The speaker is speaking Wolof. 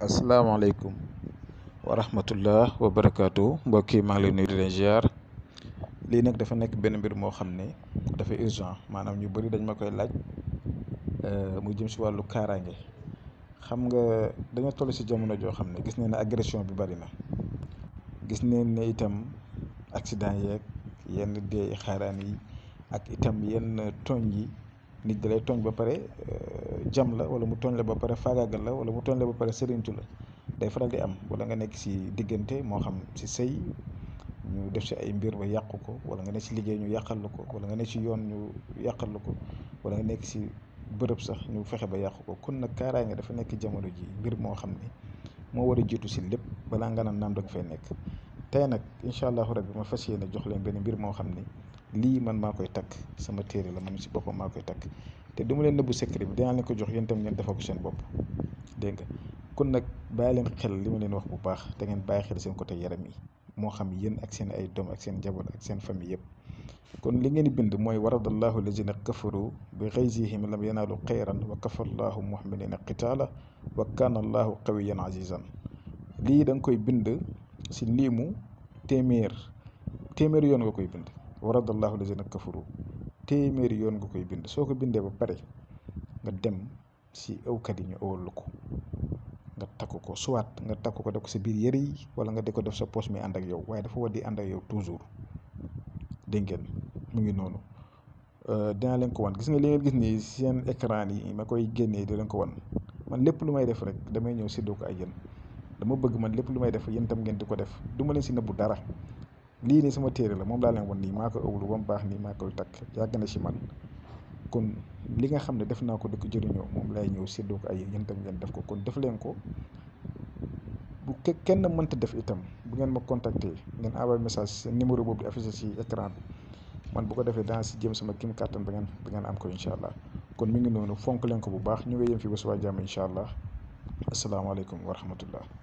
asalaamaaleykum wa rahmatullah wa barakaatu mbokk yi leen nuyu di leen lii nag dafa nekk benn mbir moo xam ne dafa urgent maanaam ñu bari dañ ma koy laaj euh, mu jëm si wàllu kaaraange xam nga dañoo toll si jamono joo xam ne gis nañ ne agression bi bëri na gis nañ ne itam accident yeeg yenn dee xaaraan yi ak itam yenn tooñ yi nit da lay ba pare. Euh, jam la wala mu tooñ la ba pare faagaagal la wala mu tooñ la ba pare sëriñtu la day faral di am wala nga nekk si diggante moo xam ci sëy ñu def si ay mbir ba yàqu ko wala nga nekk si liggéey ñu yàqal la ko wala nga nekk si yoon ñu yàqal ko wala nga nekk si bërëb sax ñu fexe ba yàqu ko kon nag kaaraange dafa nekk jamono ji mbir moo xam ne moo war a jiitu si lépp balaa nga naan naam da nga fay nekk tay nag incha allahu rabbi ma fas yéene jox leen benn mbir moo xam ne lii man maa koy takk sama téere la man si boppam maa koy takk te du ma leen nëbbu secret bi dinaa leen ko jox yéen tam ngeen defal ko seen bopp dégg nga kon nag bàyyi leen xel li ma leen wax bu baax te ngeen bàyyi xel seen côté yaram yi moo xam yéen ak seen ay doom ak seen jaboot ak seen famille yëpp kon li ngeen bind mooy waradallahu lazina kafaru bi xaysihim lam yanalu xayran wa kafa allahu muhminina qitaala wa kaana allahu qawiyan azizan lii da nga koy bind si liimu téeméer téeméer yoon nga koy bind wa radallahu lazina kafaru téeméer yoon nga koy bind soo ko bindee ba pare nga dem si awkat yi ñu ëwal ko nga takk ko soit nga takk ko def ko sa biir yére yi wala nga de ko def sa poche mi ànd ak yow waaye dafa war di ànd ak yow toujours dégg ngeen mu ngi noonu euh, dinaa leen ko wan gis nga li gis nii seen écran yi ma koy génnee di leen ko wan man lépp lu may def rek damay ñëw séddoo ko ak yéen dama bëgg man lépp lu may def yéen tam ngeen di ko def du ma leen si nëbbu dara lii nii sama téere la moom laa leen wan nii maa ko ëwlu ba mu baax nii maa koy takk yàgg na si man kon li nga xam ne def naa ko di ko jëriñoo moom lay ñëw séddoo ko ay yéen tam ngeen def ko kon def leen ko bu kenn mënta def itam bu ngeen ma contacter ngeen envoyé message numéro boobu di affiché si écran man bu ko defee daan si jëm sama kim carton ba ngeen ba ngeen am ko incha kon mi ngi noonu fonk leen ko bu baax ñu ngi yem fi ba jàmm incha allah asalaamaaleykum wa rahmatullah